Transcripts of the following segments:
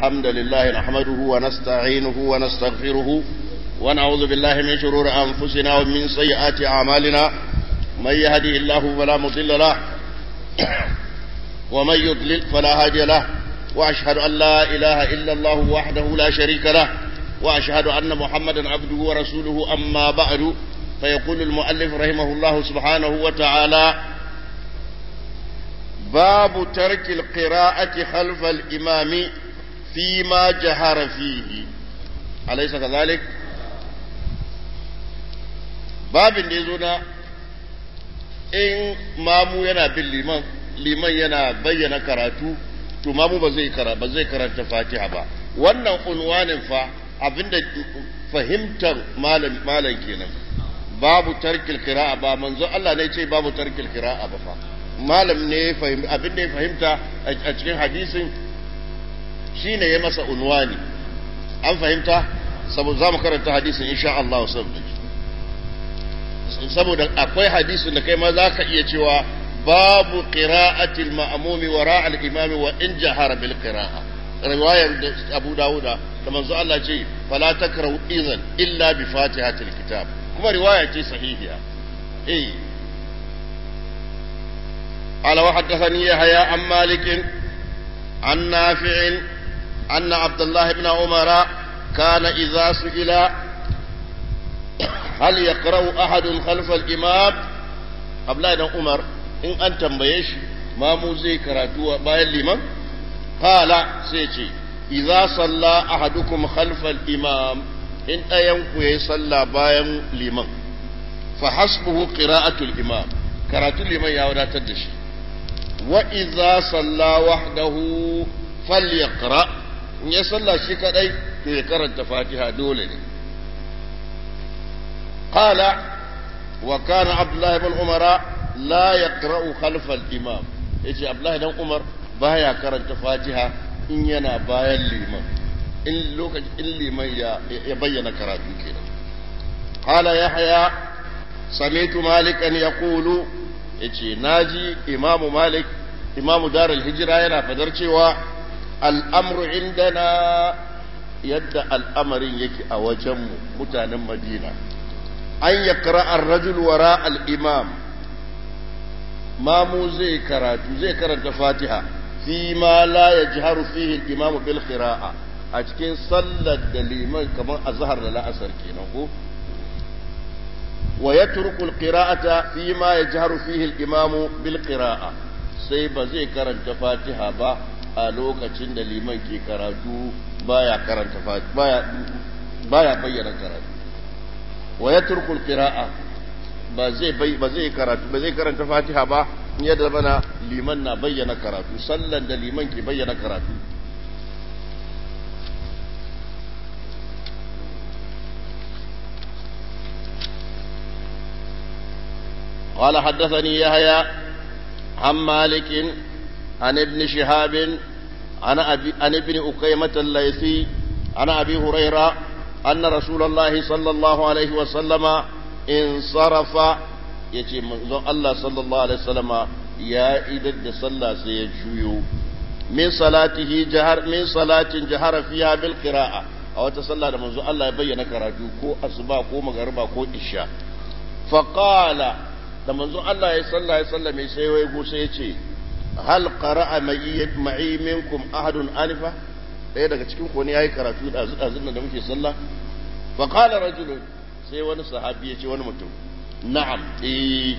الحمد لله نحمده ونستعينه ونستغفره ونعوذ بالله من شرور أنفسنا ومن سيئات أعمالنا من يهدي الله فلا مضل له ومن يضلل فلا هادي له وأشهد أن لا إله إلا الله وحده لا شريك له وأشهد أن محمدا عبده ورسوله أما بعد فيقول المؤلف رحمه الله سبحانه وتعالى باب ترك القراءة خلف الإمام فيما جهر فيه fihi كذلك باب babin da yazo na in mamu yana bin liman liman yana bayyana karatu to mamu ba zai karanta ba zai karanta fatiha ba wannan unwanin fa abinda fahimtar malam malam kenan babu tarkil qira'a ba manzo Allah ne ce babu tarkil qira'a ba fa malam ne fahim abinda ya fahimta a cikin hadisin shine ya masa unwani an fahimta saboda zamu karanta hadisin insha Allah saboda akwai hadisin da kai ma zaka iya cewa babu qira'atil ma'mumi wara al-imami wa in jahara bil qira'a riwayar Abu Dawud da manzo Allah ce fala takrahu idan illa bi fatihatil kitab kuma riwaya ce sahihiya eh قال وحدثني يحيى عن مالك عن نافع أن عبد الله بن عمر كان إذا سئل هل يقرأ أحد خلف الإمام قبل أن عمر إن أنت مبيش ما موزي كراتوا باي الإمام قال سيتي إذا صلى أحدكم خلف الإمام إن أينكو يصلى باي الإمام فحسبه قراءة الإمام كراتو الإمام يا تدش وإذا صلى وحده فليقرأ in ya sallah shi kadai to ya karanta fatiha dole ne qala wa kana abdullahi ibn umara la yaqra'u khalfa al-imam yace abdullahi dan umar baya karanta fatiha in yana bayan liman in lokacin in liman ya bayyana karatu kenan qala yahya sami'tu malikan yaqulu yace naji imamu malik imamu darul hijra yana fadar cewa الامر عندنا يد الامر يجي اوجم متان مدينة ان يقرأ الرجل وراء الامام ما موزي كرات موزي كرات فاتحة فيما لا يجهر فيه الامام بالقراءة اجكين صلى الدليم كما ازهر لا اثر ويترك القراءة فيما يجهر فيه الامام بالقراءة سيب زي كرات فاتحة با a lokacin da liman ke karatu baya karanta baya baya bayyana karatu wa yatruku alqira'a ba zai bai ba zai karatu ba zai karanta fatiha ba in yadda bana liman na bayyana karatu sallan da liman ke bayyana karatu قال حدثني يحيى عن مالك عن ابن شهاب عن, أبي عن ابن أقيمة الليثي عن أبي هريرة أن رسول الله صلى الله عليه وسلم انصرف يتي منذ الله صلى الله عليه وسلم يا إذا صلى سيجيو من صلاته جهر من صلاة جهر فيها بالقراءة أو تصلى منذ الله يبين كراجو كو أصبا كو مغربا كو إشاء فقال da manzon Allah ya salla ya salla mai sai wai go sai ya ce hal qara'a ma'i minkum ahadun alifa ɗaya daga cikin ku ne yayi karatu da azu da muke sallah fa qala rajulun sai wani sahabi ya ce wani mutum na'am eh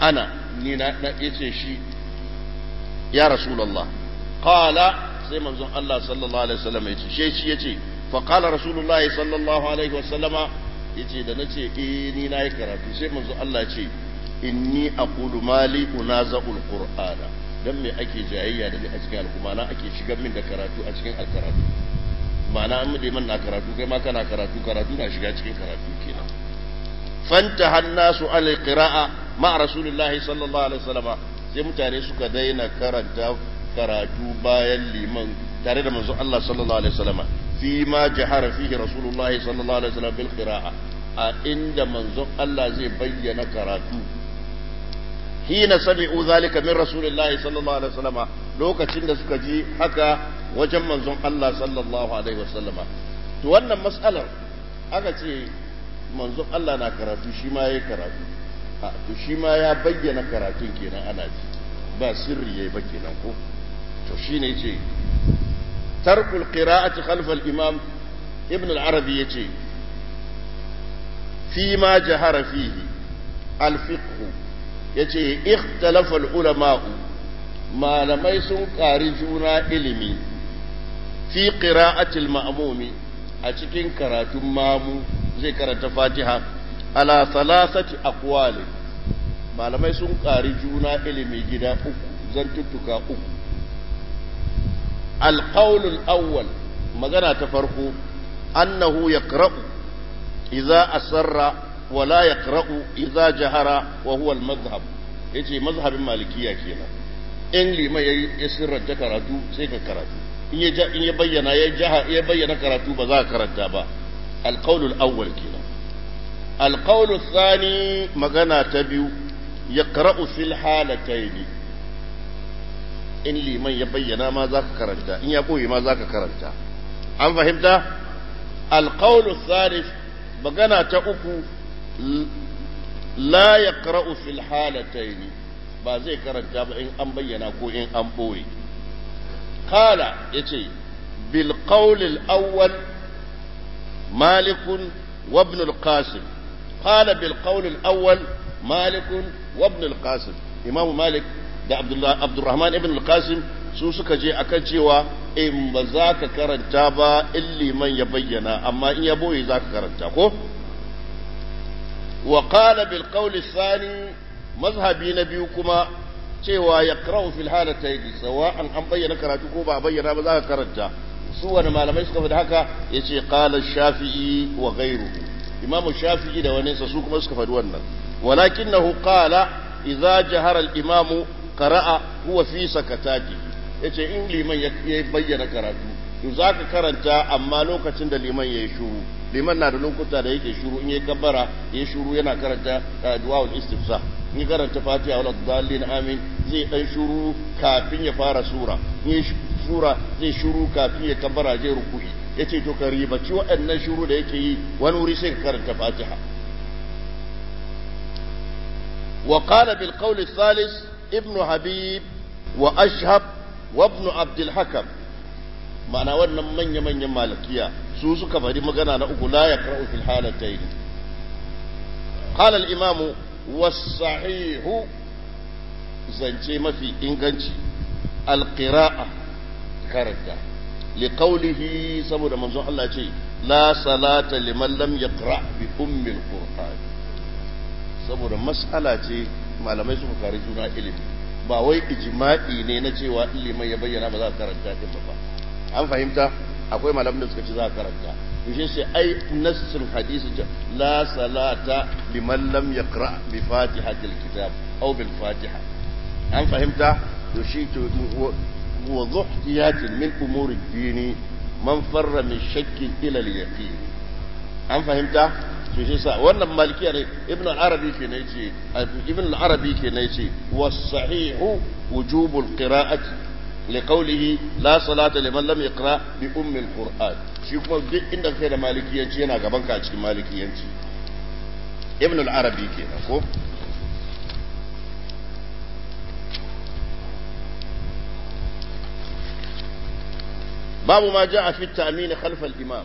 ana ni na yace shi ya rasulullah qala sai manzon Allah sallallahu alaihi wasallam ya ce shi shi yace fa qala rasulullah sallallahu alaihi wasallama yace da nace eh ni na yi karatu sai manzon Allah ya ce inni aqulu mali unaza'ul qur'ana dan me ake jayayya da ni a cikin na ake shigar min da karatu a cikin alkaratu ma'ana an mude man na karatu kai ma kana karatu karatu na shiga cikin karatu kenan fanta hannasu alal qira'a ma rasulullahi sallallahu alaihi wasallam sai mutane suka daina karanta karatu bayan liman tare da manzo Allah sallallahu alaihi wasallam fi ma jahara fihi rasulullahi sallallahu alaihi wasallam bil qira'a a inda manzo Allah zai bayyana karatu hina sami'u zalika min rasulillahi sallallahu alaihi wasallama lokacin da suka ji haka wajen manzon Allah sallallahu alaihi wasallama to wannan mas'alar aka ce manzon Allah na karatu shi ma yayi karatu to shi ma ya bayyana karatun kenan ana ji ba sirri yayi ba kenan ko to shine yace tarkul qira'ati khalf al-imam ibn al-arabi yace fi ma jahara fihi al-fiqh ya ce ikhtalafal ulama malamai sun ƙari juna ilimi fi qira'atil ma'mumi a cikin karatun mamu zai karanta fatiha ala salasati aqwali malamai sun ƙari juna ilimi gida uku zantuttuka uku alqaulul awwal magana ta farko annahu yaqra'u idza asarra wala yaqra'u idza jahara wa huwa al-mazhab yace mazhabin malikiya kenan in liman ya sirranta karatu sai ka karatu in ya in ya bayyana ya jaha ya bayyana karatu ba za ka karanta ba al awwal kenan al-qawl magana ta biyu yaqra'u fil in liman ya bayyana ma za ka karanta in ya ma za ka karanta an fahimta al-qawl magana ta uku لا يقرأ في الحالتين با زي كرجا ان ام بينا كو ان ام بوي قال يتي بالقول الاول مالك وابن القاسم قال بالقول الاول مالك وابن القاسم امام مالك ده عبد الله عبد الرحمن ابن القاسم su suka je a kan cewa in ba za ka أما ba illi man ya bayyana وقال بالقول الثاني مذهبي نبيكما cewa ya karau fil halata yake sawa an an bayyana karatu ko ba a bayyana ba za ka karanta su wani malamai suka faɗi haka ya ce ƙalar shafi'i wa gairu imamu shafi'i da wani su kuma suka faɗi wannan walakin na hukala idza jahara imamu kara'a huwa fi sakatati ya ce in liman ya bayyana karatu to za ka karanta amma lokacin da liman ya yi shuru liman na da lokuta da yake shuru in yi kabbara ya shuru yana karanta eh, du'aul istifsa in karanta fatiha wal dallin amin zai dan shuru kafin ya fara sura in yi sura zai shuru kafin ya kabbara je ruku'i yace to ka ci waɗannan shuru da yake yi wani wuri sai ka karanta fatiha وقال بالقول الثالث ابن wa وأشهب وابن عبد الحكم ma'ana wannan manya-manyan malakiya su suka bari magana na uku la yaqra'u fil halatayn qala al imamu was sahihu zance mafi inganci al qira'a karanta li qawlihi saboda manzon Allah ce la salata liman lam yaqra bi ummi al qur'an saboda mas'ala ce malamai suka kare juna ilimi ba wai ijma'i ne na cewa ilimin ya bayyana ba za ka karanta din ba an fahimta akwai malamin da suka ci za a karanta to sai ai nassin hadisi la salata liman lam yaqra bi fatihatil kitab aw bil fatiha an fahimta to shi to wa dhuhtiyatin min umuri dini man farra min shakki ila al yaqin an fahimta to shi sa wannan maliki ne ibn al-arabi ke ne yace ibn al-arabi ke ne yace was sahihu wujubul qira'ati liqaulihi la salata liman lam bi ummil qur'an shi kuma duk ka kai da malikiyanci yana gaban ka a cikin malikiyanci ibn al-arabi kenan ko babu ma ja'a fi ta'min khalf al-imam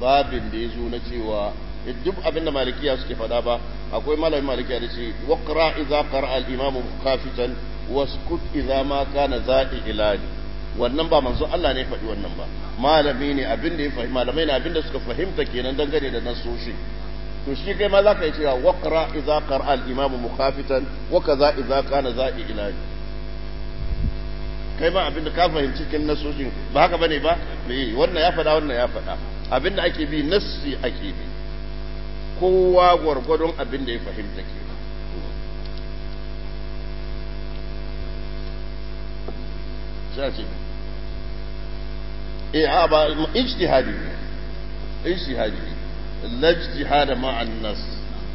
babin da yazo na cewa duk abinda malikiya suke faɗa ba akwai malamin malikiya da ce al-imam kafitan waskut idza ma kana za'i ilahi wannan ba manzo Allah ne faɗi wannan ba malami ne abin da ya fahimta malamai ne abin da suka fahimta kenan dangane da soshi to shi kai ma zaka yi cewa waqra idza qara al imam mukhafitan wa kaza idza kana za'i ilahi kai ma abin da ka fahimci kin nasoshin ba haka bane ba me wannan ya faɗa wannan ya faɗa abin da ake bi nassi ake bi kowa gwargwadon abin da ya fahimta ke sai a ce eh, ijtihadi ne ijtihadi ne la ijtihada ma annas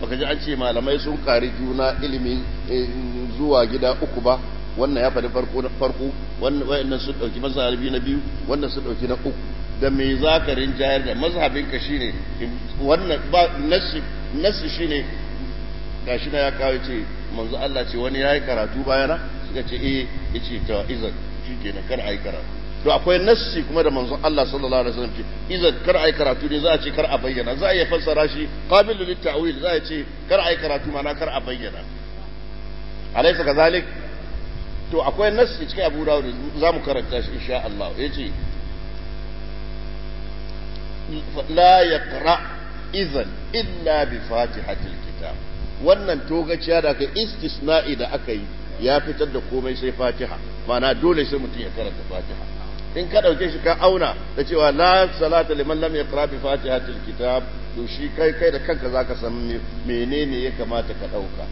baka ji an ce malamai sun kari juna ilimi eh, zuwa gida uku ba wannan ya faɗi farko na farko wannan sun ɗauki mazhabi na biyu wannan sun ɗauki na uku da me zakarin jayar da mazhabin ka shine wannan ba nasi nasi shine gashi na ya kawo ce manzo Allah ce wani yayi karatu bayana suka ce eh yace ta izan karatu kenan kar a karatu to akwai nassi kuma da manzon Allah sallallahu alaihi wasallam ce idan kar ai karatu ne za a ce kar a bayyana za a iya fassara shi qabilu lit ta'wil za a ce kar ai karatu mana kar a bayyana alaysa kazalik to akwai nassi cikin Abu Dawud za mu karanta shi insha Allah yace la yaqra idan illa bi fatihatil kitab wannan togaciya da aka istisna'i da aka yi ya fitar da komai sai fatiha mana dole sai mutum ya karanta fatiha in ka ɗauke shi ka auna da cewa la salata liman lam yaqra bi fatihatil kitab to shi kai kai da kanka zaka san menene ya kamata ka ɗauka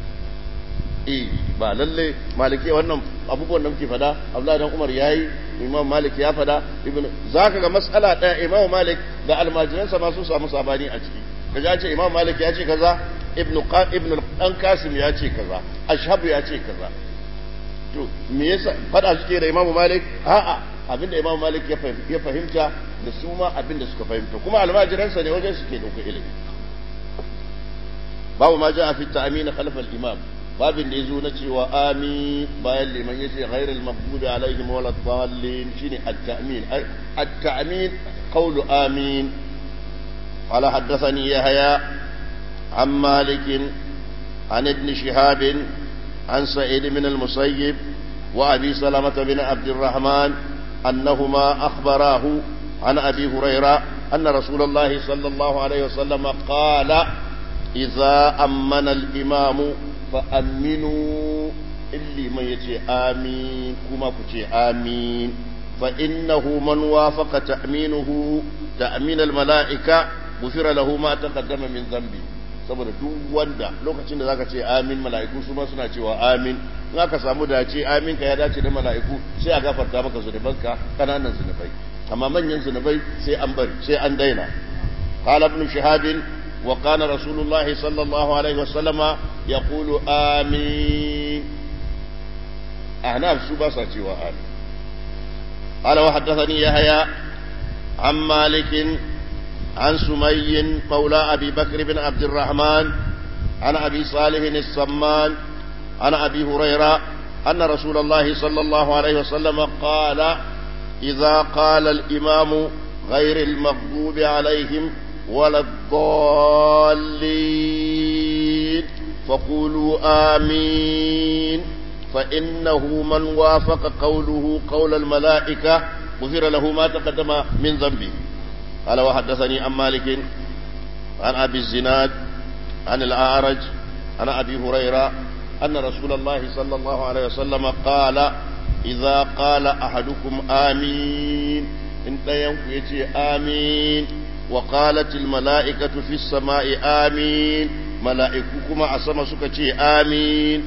eh ba lalle maliki wannan abubuwan da muke fada Abdullahi dan Umar yayi Imam Malik ya fada ibn zaka ga mas'ala ɗaya Imam Malik da almajiransa ma su samu sabani a ciki kaje ce Imam Malik ya ce kaza ibn ibn dan Qasim ya ce kaza Ashhab ya ce kaza to me yasa fada suke da imamu malik a'a abinda imamu malik ya fahimta ya fahimta da su ma abinda suka fahimta kuma almajiran sa ne wajen suke dauka ilimi babu ma ja'a fi ta'min khalf al-imam babin da yazo na cewa ami bayan liman yace ghairil maghdubi alaihim wala dallin shine at-ta'min at-ta'min qawlu amin قال حدثني يحيى عن مالك عن ابن شهاب عن سعيد بن المسيب وأبي سلامه بن عبد الرحمن أنهما أخبراه عن أبي هريرة أن رسول الله صلى الله عليه وسلم قال إذا أمن الإمام فأمنوا اللي ما يجي آمين كما كتي آمين فإنه من وافق تأمينه تأمين الملائكة غفر له ما تقدم من ذنبه saboda duk wanda lokacin da zaka ce amin mala'iku su ma suna cewa amin in aka samu ce amin ka ya dace da mala'iku sai a gafarta maka zunubanka kananan zunubai amma manyan zunubai sai an bari sai an daina wa qala rasulullahi sallallahu alaihi wasallama yaqulu amin ahna su ba sa cewa amin qala wa وحدثني yahya عن مالك عن سمي مولى أبي بكر بن عبد الرحمن عن أبي صالح السمان عن أبي هريرة أن رسول الله صلى الله عليه وسلم قال إذا قال الإمام غير المغضوب عليهم ولا الضالين فقولوا آمين فإنه من وافق قوله قول الملائكة غفر له ما تقدم من ذنبه قال وحدثني عن مالك عن أبي الزناد عن الأعرج عن أبي هريرة أن رسول الله صلى الله عليه وسلم قال إذا قال أحدكم آمين إن ينكو آمين وقالت الملائكة في السماء آمين ملائككما أسمى سكتي آمين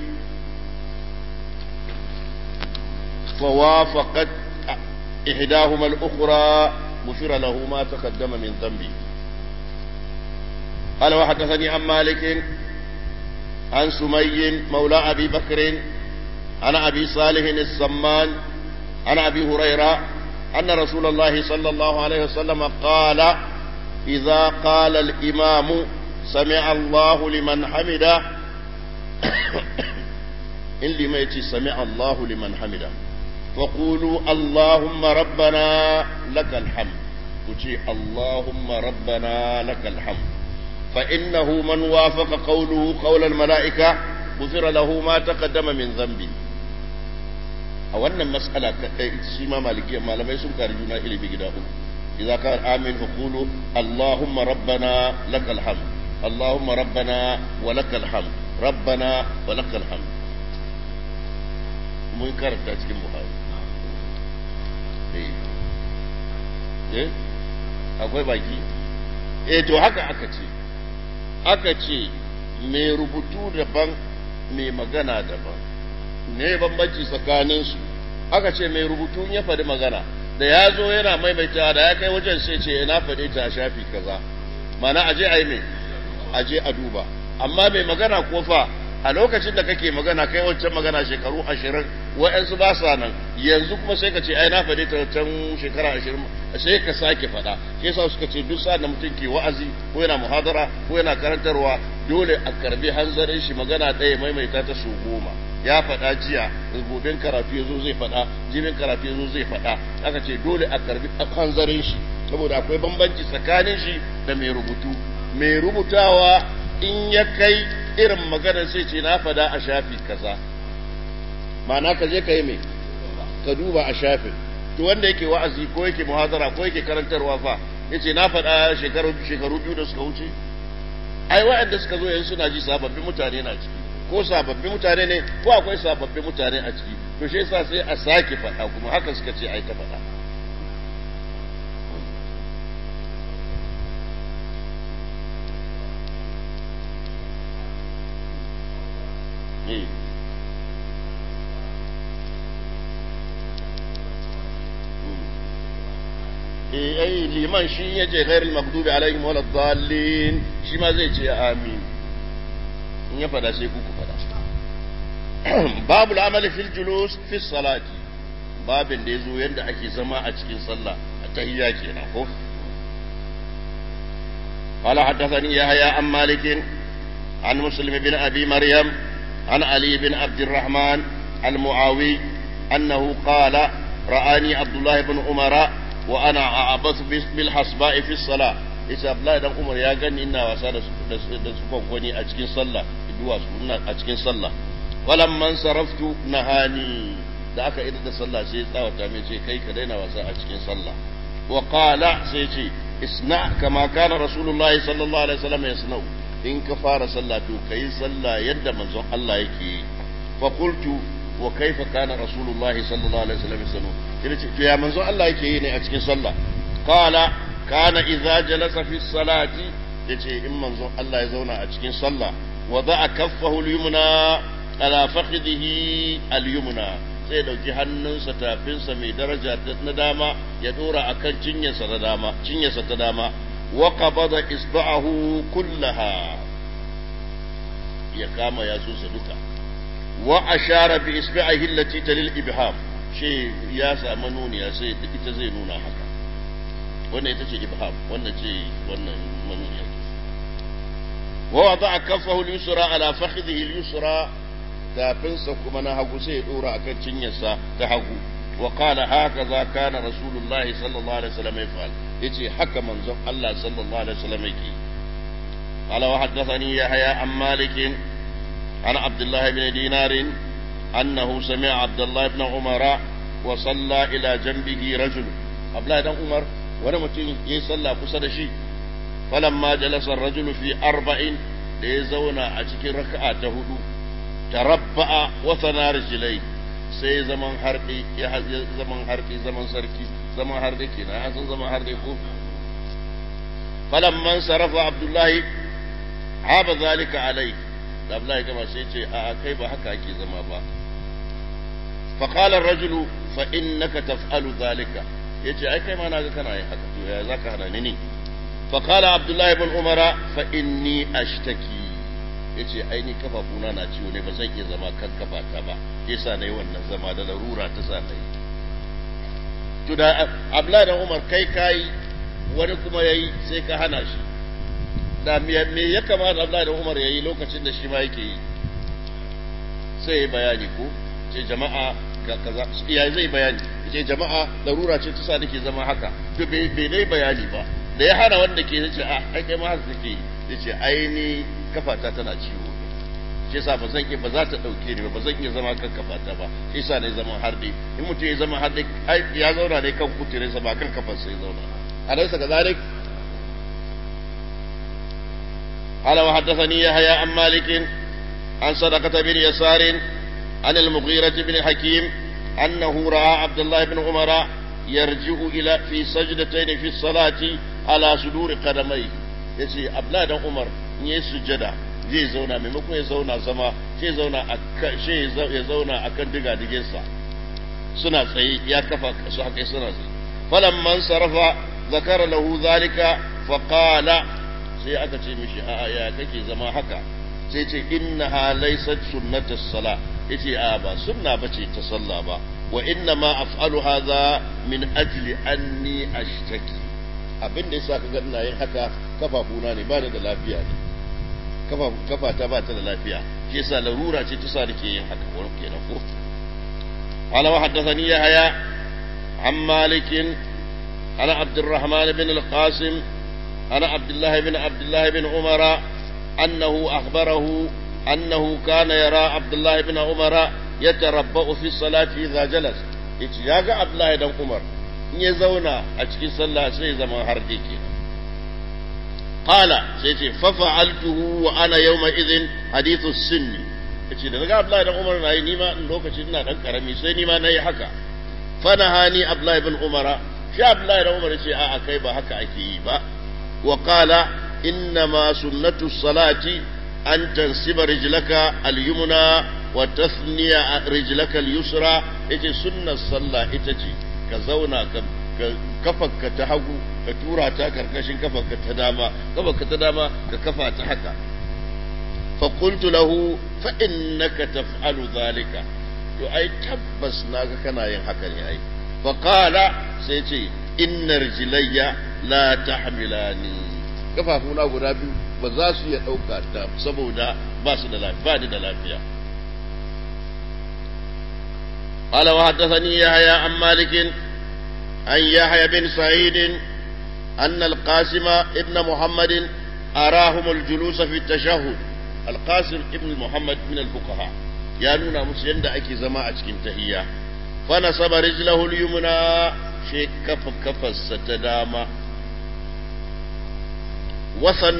فوافقت إحداهما الأخرى غفر له ما تقدم من ذنبه قال وحدثني عن مالك عن سمي مولى أبي بكر عن أبي صالح السمان عن أبي هريرة أن رسول الله صلى الله عليه وسلم قال إذا قال الإمام سمع الله لمن حمده إن لم يتي سمع الله لمن حمده وقولوا اللهم ربنا لك الحمد كتي اللهم ربنا لك الحمد فإنه من وافق قوله قول الملائكة غفر له ما تقدم من ذنبه a wannan mas'ala kadai shi ma maliki malamai sun kari juna ilimi gida uku idza ka amin faqulu allahumma rabbana lakal hamd allahumma rabbana wa lakal hamd rabbana wa lakal hamd mun karanta cikin buhari eh akwai baki eh to haka aka ce aka ce mai rubutu daban mai magana daban ne bambanci tsakaninsu aka ce mai rubutu ya faɗi magana da ya zo yana maimaita da ya kai wajen sai ce na faɗi ta shafi kaza mana aje a yi mai aje a duba amma mai magana ko fa a lokacin da kake magana kai wancan magana shekaru ashirin wa'ansu ba sa nan yanzu kuma sai ka ce ai na faɗi ta can shekara ashirin sai ka sake faɗa shi yasa suka ce duk sa'an da mutum ke wa'azi ko yana muhadara ko yana karantarwa dole a karbi hanzarin shi magana ɗaya maimaita ta su goma ya faɗa jiya goben karatu ya zo zai faɗa jibin karatu ya zo zai faɗa aka ce dole a karbi hanzarin shi saboda akwai bambanci tsakanin shi da mai rubutu mai rubutawa in ya kai irin maganar sai ce na faɗa a shafi kaza ma'ana ka je ka yi mai ka duba a shafin to wanda yake wa'azi ko yake muhazara ko yake karantarwa fa yace na faɗa shekaru biyu da suka wuce ai wa'anda suka zo yanzu suna ji sababbin mutane na ciki ko sababbin mutane ne ko akwai sababbin mutane a ciki to shi yasa sai a sake faɗa kuma haka suka ce ai ta faɗa الضالين لمن شيء يجي غير المغضوب عليهم ولا الضالين شيء ما زي شيء آمين يفدا شيء كوكو فدا باب العمل في الجلوس في الصلاة باب اللي زو يندع كي زماء أتكي صلى أتهياكي نخف قال حدثني يا عن مالك عن مسلم بن أبي مريم عن علي بن عبد الرحمن المعاوي أنه قال رآني عبد الله بن عمر wa ana a'abasu bil hasba'i fi sala yace Abdullahi dan Umar ya gani ina wasa da su da su a cikin sallah duwa su ina a cikin sallah walam man saraftu nahani da aka idar da sallah sai tsawata mai ce kai ka daina wasa a cikin sallah wa qala sai ce isna kama kana rasulullahi sallallahu alaihi wasallam sanau in ka fara sallah to kai sallah yadda manzon Allah yake fa qultu wa kaifa kana rasulullahi sallallahu alaihi wasallam sanau. sai ce to ya manzo Allah yake yi ne a cikin sallah qala kana idza jalasa fi salati yace in manzo Allah ya zauna a cikin sallah wada'a kaffahu al-yumna ala fakhidhihi al-yumna sai dauki hannunsa tafinsa mai daraja na dama ya dora akan cinyarsa na dama cinyarsa ta dama wa qabada isba'ahu kullaha ya kama yatsunsa duka wa ashara bi isba'ihi allati talil ibham ce ya samu sai ita zai nuna haka wannan ita ce ibham wannan ce wannan manuniya wa wada kafahu al-yusra ala fakhidhihi al-yusra tafinsa kuma na hagu sai ya dora akan cinyarsa ta hagu wa qala hakaza kana rasulullah sallallahu alaihi wasallam yafal yace haka manzon Allah sallallahu alaihi wasallam yake قال وحدثني يحيى عن مالك عن عبد الله بن دينار أنه سمع عبد الله بن عمر وصلى إلى جنبه رجل عبد الله بن عمر ولم يصلى قصد شيء فلما جلس الرجل في أربع ليزونا أشك ركعة تهدو تربأ وثنى رجلي سي زمن حرقي زمن حرقي زمن سركي زمن حرقي كنا حسن زمن حرقي كو فلما انصرف عبد الله عاب ذلك عليه عبد الله كما سيتي آه كيف حكى كي زمن بقى. fa qala ar-rajulu fa innaka taf'alu zalika yace ai kai ma na ga kana yin haka to ya zaka hana ni ne fa qala abdullahi ibn umara fa inni ashtaki yace ai ni kafafuna na ciwo ne ba zan iya zama kan kafata ba yasa nayi wannan zama da larura ta sa nayi to abdullahi ibn umar kai kai wani kuma yayi sai ka hana shi da me ya kamata abdullahi umar yayi lokacin da shi ma yake yi bayani ko jama'a ga kaza ya zai bayani ce jama'a larura ce tusa nake zama haka to bai bai dai bayani ba da ya hana wanda ke yace a ah, ai kai ma haka kake yace ai ni kafata tana ciwo shi yasa ba zan ba za ta dauke ni ba zan iya zama kan kafata ba shi yasa ne har harde in mutum ya zama harde ya zauna ne kan sa ba kan sa ya zauna a ga kadhalik قال وحدثني يحيى عن مالك عن صدقة بن يسار عن المغيرة بن حكيم أنه رأى عبد الله بن عمر يرجع إلى في سجدتين في الصلاة على صدور قدميه يسي أبلاد عمر يسجد جي زونا ممكن يزونا سما شي زونا أك... شي يزونا أكدقا دقيسا سنة سي يا كفا سحك سنة سي فلما انصرف ذكر له ذلك فقال سي أكتي مشي آآ آه، آه، يا كي زما حكا سي إنها ليست سنة الصلاة yace a ba sunna bace ta sallah ba wa inna ma af'alu hadha min ajli anni ashtaki yasa kaga ina yin haka kafafuna ne ba da lafiya ne kafa kafa ta ba ta da lafiya shi yasa larura ce ta sa nake yin haka wani kenan ko قال وحدثني يحيى عن مالك عن عبد الرحمن بن القاسم عن عبد الله بن عبد الله بن عمر أنه أخبره أنه كان يرى عبد الله بن عمر يتربأ في الصلاة إذا جلس يتجاغ عبد الله بن عمر يزونا أتكي صلى سيزا ما هرديكي قال سيتي ففعلته وأنا يومئذ حديث السن يتي عبد الله بن عمر ناي نيما لوكاشي ina dan karami نيما nima حكا فنهاني عبد الله بن عمر في عبد الله بن عمر yace a'a kai ba haka وقال إنما سنة الصلاة an tansiba rijlaka al-yumna wa tasniya rijlaka al-yusra yace sunnar sallah ita ce ka zauna ka kafarka ta hagu ka tura ta karkashin kafarka ta dama kafarka ta dama ka kafa ta haka fa qultu lahu fa innaka taf'alu zalika to ai tabbas naga kana yin haka ne ai fa qala sai ce innar jilayya la tahmilani kafafuna guda biyu ba za su iya ɗauka ta saboda ba su da lafiya da lafiya قال وحدثني يحيى عن مالك عن يحيى بن سعيد أن القاسم ابن محمد أراهم الجلوس في التشهد القاسم ابن محمد من الفقهاء يا نونا مسلم دا أكي زماعة كنتهية فنصب رجله اليمنى شيء كف كف ستدامة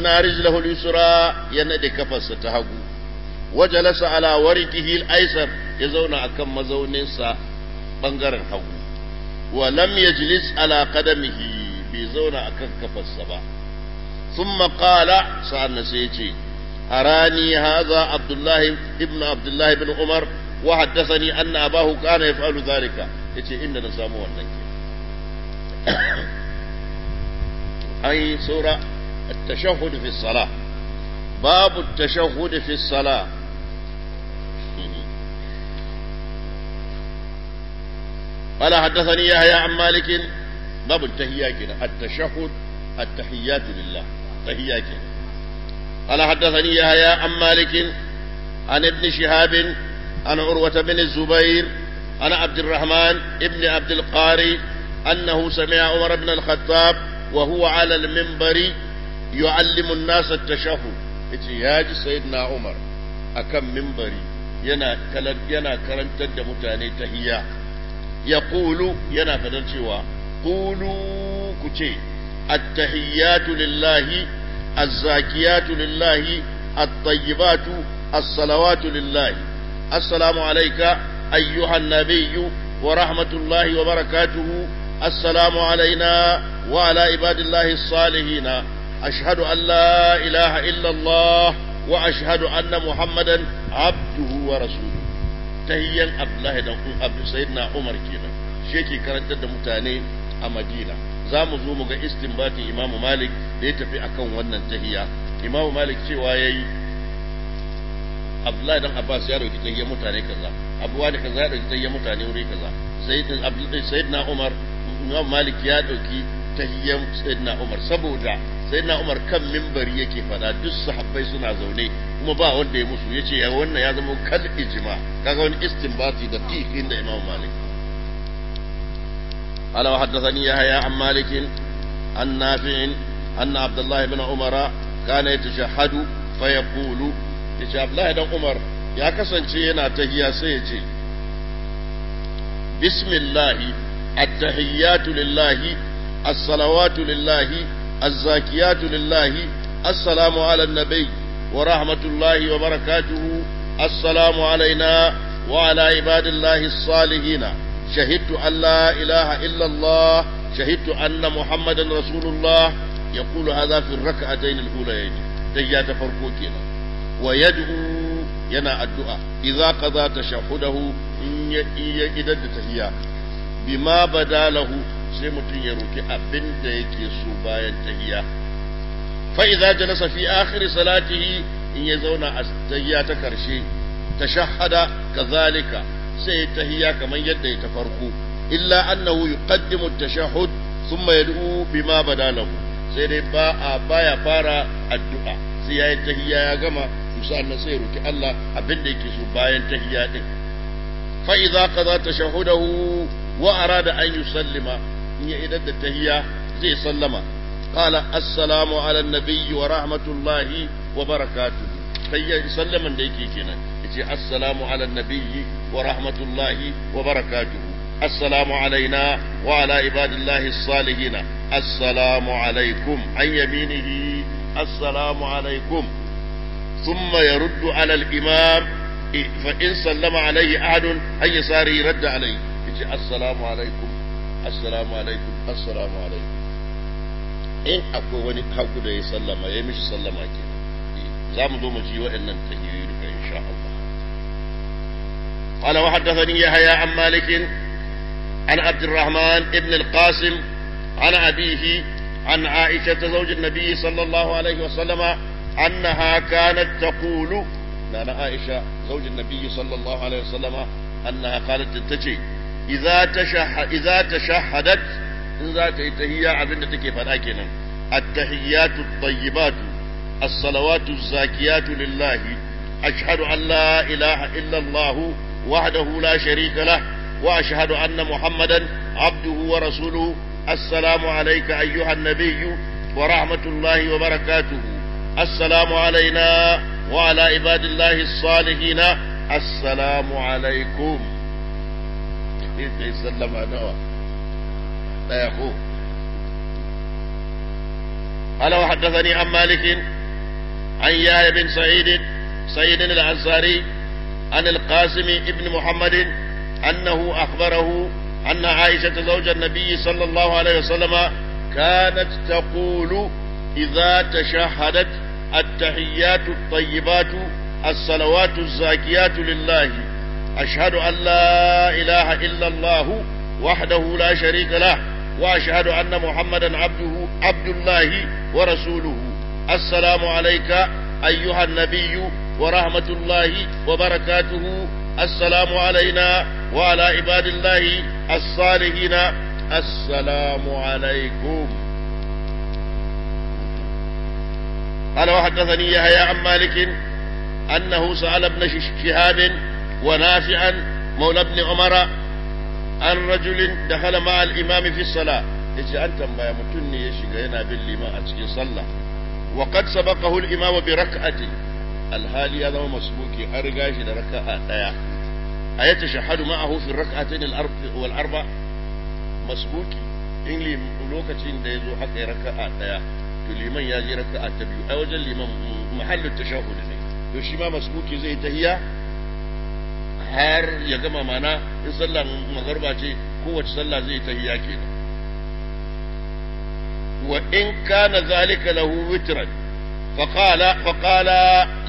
na rijlahu hulisura ya naɗe kafarsa ta hagu wajalasa lasa warikihi kihil aysar ya zauna akan mazauninsa bangaren hagu wa lam yajlis ala qadamihi bai zauna akan kafarsa ba sun qala sa'an sai a rani hadha abdullahi ibn abdullahi ibn umar wa haddathani anna abahu kana yaf'alu dhalika yace inda na samu wannan ke ai التشهد في الصلاة باب التشهد في الصلاة قال حدثني يحيى عن مالك باب التهيات التشهد التحيات لله تهيات قال حدثني يحيى عن مالك عن ابن شهاب عن عروة بن الزبير عن عبد الرحمن ابن عبد القاري أنه سمع عمر بن الخطاب وهو على المنبر يعلم الناس التشهد yace ya ji sayyidina Umar akan mimbari yana yana karantar da mutane tahiyya yaqulu yana fadar cewa qulu ku ce at-tahiyyatu lillahi az-zakiyatu lillahi at-tayyibatu as-salawatu lillahi assalamu alayka ayyuha an-nabiyyu wa rahmatullahi wa barakatuhu السلام علينا وعلى عباد الله الصالحين أشهد أن لا إله إلا الله وأشهد أن محمدا عبده ورسوله تهيا عبد الله دم سيدنا عمر كينا شيكي mutane متاني أمدينة za mu zo mu ga istinbatin imamu malik da ya tafi akan wannan tahiya imamu malik cewa ya yi abdullahi dan abbas ya dauki tahiya mutane kaza abuwa da kaza ya dauki tahiya mutane wuri kaza na umar imamu malik ya dauki tahiyyar na umar saboda sai na umar kan mimbari yake fada duk sahabbai suna zaune kuma ba wanda ya musu ya ce ya wannan ya zama kan ijima kaga wani istinbati da tifin da imam malik ala haddathani ya haya an malikin an nafi'in anna abdullahi bin umara kana yatashahadu fa yaqulu yace abdullahi dan umar ya kasance yana tahiya sai ya ce bismillah at-tahiyyatu lillahi as-salawatu lillahi الزاكيات لله السلام على النبي ورحمة الله وبركاته السلام علينا وعلى عباد الله الصالحين شهدت أن لا إله إلا الله شهدت أن محمدا رسول الله يقول هذا في الركعتين الأوليين تجات فرقوكنا ويدعو ينا الدعاء إذا قضى تشهده إن يدد تهيا بما بدا له sai mutum ya roki abin da yake so bayan tahiyya fa idza jalasa fi akhir salatihi in ya zauna a tahiyya ta karshe tashahhada kazalika sai tahiyya kamar yadda ya ta farko illa annahu yuqaddimu at-tashahhud thumma yad'u bima badalahu sai dai ba a baya fara addu'a sai yayi tahiyya ya gama musanna sai roki Allah abin da yake so bayan tahiyya din fa idza qada tashahudahu wa arada an yusallima in ya idar da tahiya zai sallama qala assalamu ala nabiyyi wa rahmatullahi wa barakatuh tayya sallaman da yake kenan yace assalamu ala nabiyyi wa rahmatullahi wa barakatuh السلام علينا وعلى عباد الله الصالحين السلام عليكم عن يمينه السلام عليكم ثم يرد على الإمام فإن سلم عليه أحد أن يساره رد عليه السلام عليكم assalamu alaikum assalamu alaikum in akwai wani haku da ya sallama ya mishi sallama ke eh, za mu zo mu ji waɗannan tahiyoyi duka insha Allah قال وحدثني يحيى عن مالك عن عبد الرحمن ابن القاسم عن أبيه عن عائشة زوج النبي صلى الله عليه وسلم أنها كانت تقول لأن عائشة زوج النبي صلى الله عليه وسلم أنها قالت تتجي إذا إذا تشهدت إن ذات تهيا أبن تكيف لكن التحيات الطيبات الصلوات الزاكيات لله أشهد أن لا إله إلا الله وحده لا شريك له وأشهد أن محمدا عبده ورسوله السلام عليك أيها النبي ورحمة الله وبركاته السلام علينا وعلى عباد الله الصالحين السلام عليكم sai ka yi sallama nawa ɗaya قال وحدثني عن مالك عن ياي بن سعيد سعيد الأنصاري عن القاسم ابن محمد أنه أخبره أن عائشة زوج النبي صلى الله عليه وسلم كانت تقول إذا تشهدت التحيات الطيبات الصلوات الزاكيات لله أشهد أن لا إله إلا الله وحده لا شريك له وأشهد أن محمدا عبده عبد الله ورسوله السلام عليك أيها النبي ورحمة الله وبركاته السلام علينا وعلى عباد الله الصالحين السلام عليكم قال وحدثني يحيى عن مالك أنه سأل ابن شهاب ونافعا مولى ابن عمر عن رجل دخل مع الإمام في الصلاة يجي أنت ما يمتني يشي قينا بالإمام أتكي صلى وقد سبقه الإمام بركعة الهالي هذا مسبوكي ارجاش لركعة ديا أيتشهد معه في الركعتين والأربع مسبوكي in lokacin da ya zo haka ya raka'a daya to liman ya je raka'a ta biyu a wajen liman mahallin tashahhud ne to shi ma masbuki zai tahiya har ya gama mana in sallar magarba ce kowace sallah zai ta hiya kenan wa in kana zalika lahu witran faqala faqala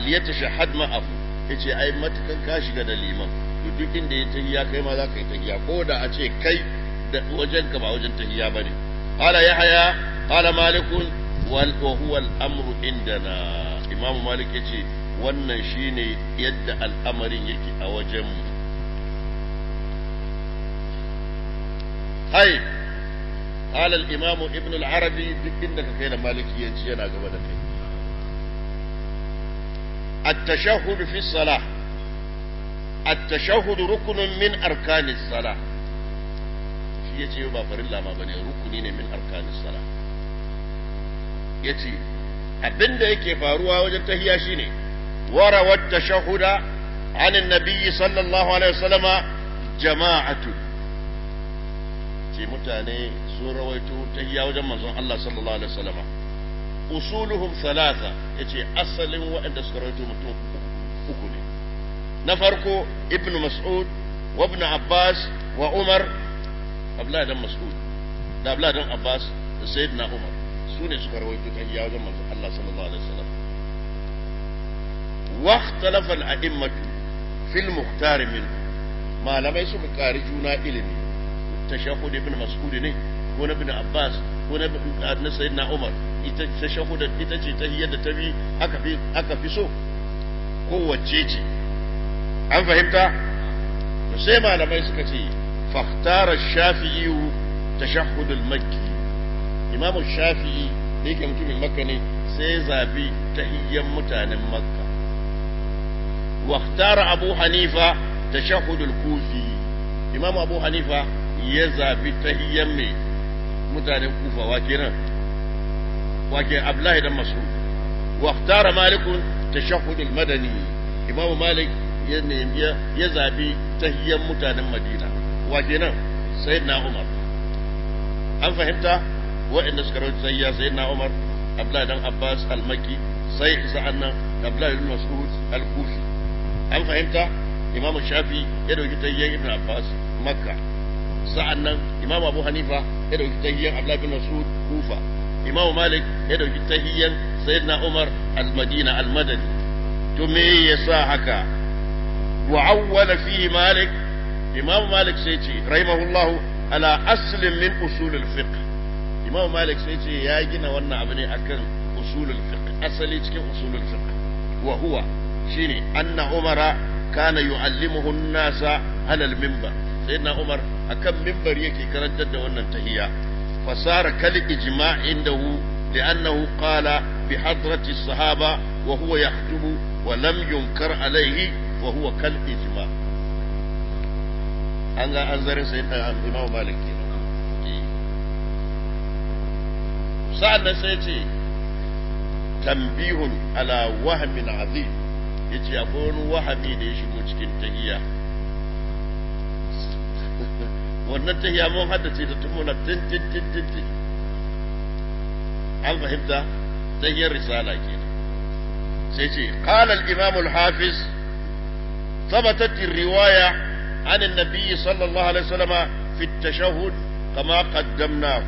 liyatashahhad ma'ahu yace ai matukan ka shiga da liman duk inda ya tahiya kai ma za ka yi tahiya ko da a ce kai da wajen ka ba wajen tahiya bane qala yahya qala malikun wal wa huwa al amru indana imamu malik yace wannan shine yadda al'amarin yake a wajenmu hai قال الإمام ابن العربي إنك كان مالكي ينسينا قبل التشهد في الصلاة التشهد ركن من أركان الصلاة shi ya ce ba farilla ma bane rukuni ne min arkanin sala ya ce abinda yake faruwa wajen tahiya shine وروى التشهد عن النبي صلى الله عليه وسلم جماعة في متاني سورة ويتو تهيا وجمع الله صلى الله عليه وسلم أصولهم ثلاثة يتي أصل وإن سكرتو متو أكلي نفركو ابن مسعود وابن عباس وعمر أبلا دم مسعود أبلا دم عباس سيدنا عمر سوني سكرتو تهيا وجمع الله صلى الله عليه وسلم واختلف الأئمة في المختار منه ما لم يسمى كارجونا إلمي تشهد ابن مسعود نه ko bin Abbas ko na Sayyidina Umar ita ta shahuda ita ce ta hiyar da ta fi aka fi so kowace ce an fahimta to sai malamai suka ce fahtara shafi'i tashahhudul makki imamu shafi'i da yake mutumin ne sai zabi tahiyyar mutanen makka واختار أبو حنيفة تشهد الكوفي إمام أبو حنيفة يزابي تهيمي متان الكوفة واكنا واكي أبلاه دم مسعود واختار مالك تشهد المدني إمام مالك يزابي تهيم متان المدينة واكنا سيدنا عمر أم فهمت وإن سكرت سيدنا عمر أبلاه دم عباس المكي sai سعنا nan المسعود الكوفي an fahimta imam shafi ya dauki tahiyyar ibn abbas makka sa'annan imam abu hanifa ya dauki tahiyyar abdullah bin mas'ud kufa imam malik ya dauki tahiyyar sayyidina umar al-madina al-madani to me yasa haka wa awwala fihi malik imam malik sai ce rahimahullahu ala aslin min usulul fiqh imam malik sai ce ya gina wannan abu ne akan usulul fiqh asali cikin usulul fiqh wa huwa شيني أن عمر كان يعلمه الناس على المنبر سيدنا عمر أكم منبر يكي كانت جدة وننتهي فصار كالإجماع عنده لأنه قال بحضرة الصحابة وهو يخدم ولم ينكر عليه وهو كالإجماع أنا أنظر سيدنا الإمام مالك سألنا سيدي تنبيه على وهم عظيم yace akwai wani wahabi da ya shigo cikin tahiya wannan tahiya mun haddace da tun muna tin tin tin tin tin an fahimta tahiyar risala kenan sai ce qala al-imam al-hafiz ثبتت الرواية عن النبي صلى الله عليه وسلم في التشهد كما قدمناه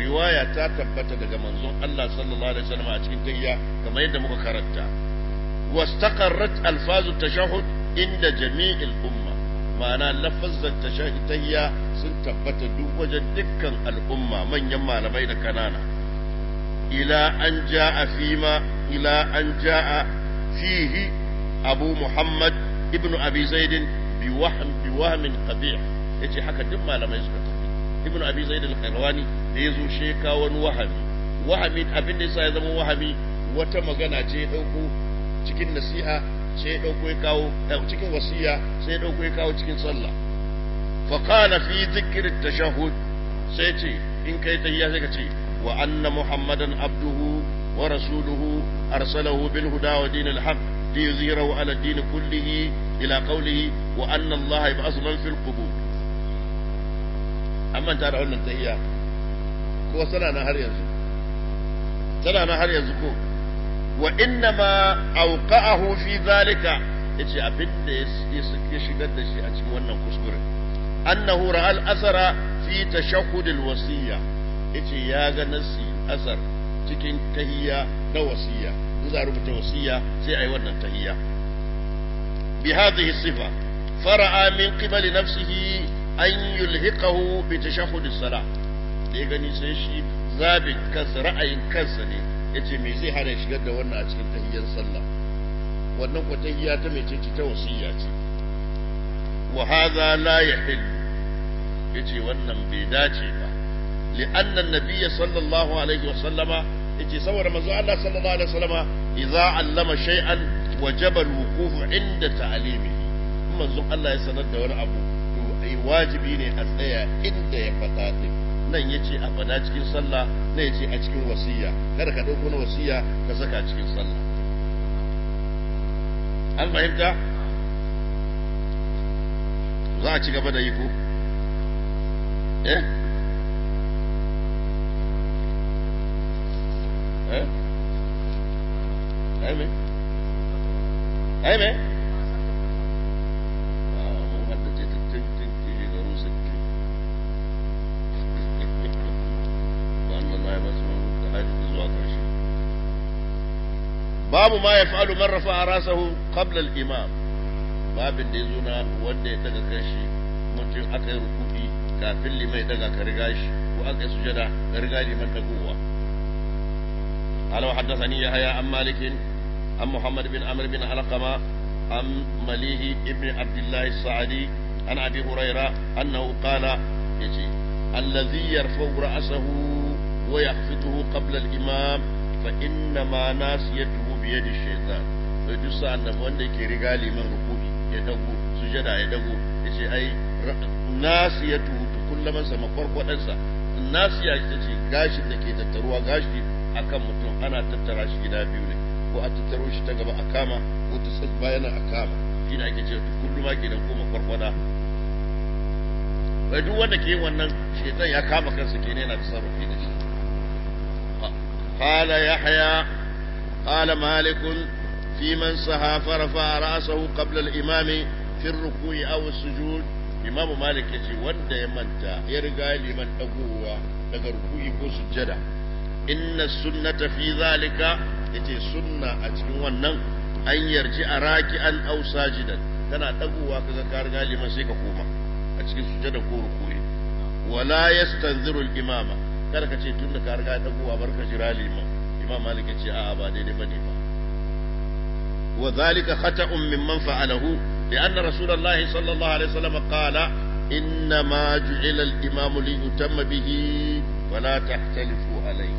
رواية تتبت daga manzon Allah sallallahu alaihi wasallam a cikin tayya kamar yadda muka karanta واستقرت ألفاظ التشهد عند جميع الأمة معنى لفظ التشهد هي سنتبت دوجا دكان الأمة من يما لبين كنانا إلى أن جاء فيما إلى أن جاء فيه أبو محمد ابن أبي زيد بوهم بوهم قبيح يجي حكى دم لما يسكت ابن أبي زيد القيرواني يزو شيكا ونوهمي وهمي أبن نساء يزمو وهمي وتمغنا جيدوكو cikin nasiha sai ya dauko ya kawo eh, cikin wasiya sai ya dauko ya kawo cikin sallah fa fi dhikr tashahhud sai ce in kai tayya sai ka ce wa anna muhammadan abduhu wa rasuluhu arsalahu bil huda wa ala din kullihi ila qawlihi wa anna allaha yab'athu man fil qubur amma ta da wannan tayya ko sana na har yanzu sana na har yanzu ko wa inna ma auqa'ahu fi zalika yace abin da ya shigar da shi a cikin wannan kuskure annahu ra'al asara fi tashahhud alwasiyya yace ya ga nasi asar cikin tahiyya na wasiyya in za rubuta wasiyya sai ayi wannan tahiyya bi hadhihi sifa fara'a min qibali nafsihi an yulhiqahu bi tashahhud as-salah da ya gani sai shi zabin kansa ra'ayin kansa ne yace me zai hana shigar da wannan a cikin tahiyyar sallah wannan ko tahiyya ta mece ce ta wasiyya ce wa hadha la yahill yace wannan bai dace ba li'anna an-nabiy sallallahu alaihi wa sallama yace saboda manzo Allah sallallahu alaihi wa sallama idza allama shay'an wajaba al-wuquf inda ta'limihi manzo Allah ya sanar da wani abu to ai wajibi ne a tsaya inda ya faɗa din nan ya ce a fada cikin sallah nan ya ce a cikin wasiya kada ka ɗauko na wasiya ka saka cikin sallah an fahimta za a ci gaba da yi ko eh eh eh eh babu ma ya fa’alu man rafa a rasahu qablal imam babin da ya zo na wanda ya daga kashi mutum aka yi rukuki kafin limai daga ka riga shi ko aka yi sujada ka riga liman ta gowa alau haddasa ni ya haya an malikin an muhammad bin amir bin alakama an malihi ibn abdullahi sa'adi an abi huraira an na hukala ya ce allazi ya ra'asahu wa ya fito qablal imam fa inna ma biye da shaitan sai duk sa'an nan wanda ke riga liman rukubi ya dago sujada ya dago ya ce ai nasiyatu kullaman sa makwarkwadan sa nasiya ita ce gashin da ke tattaruwa gashi akan mutum ana tattara shi gida biyu ne ko a tattaro shi ta gaba a kama ko ta tsit bayan a kama shi ne ake ce cewa kulluma kenan ko makwarkwada bai duk wanda ke yin wannan shaitan ya kama kansa kenan yana da sarrafi da shi قال يحيى قال مالك في من سها فرفع رأسه قبل الإمام في الركوع أو السجود إمام مالك يجي وندا يمنتا يرجع لمن أقوى daga ruku'i ko sujjada inna sunnata fi zalika yace sunna a cikin wannan an yarji a raki'an aw sajidan kana dagowa kaga ka riga liman sai ka koma a cikin sujjada ko ruku'i wala yastanziru al-imama kada ka ce jira liman imam malik ya ce a'a ba daidai bane ba wa zalika khata'un mimman fa'alahu li'anna rasulullahi sallallahu alaihi wasallam qala إنما جعل الإمام ليتم به فلا تختلفوا عليه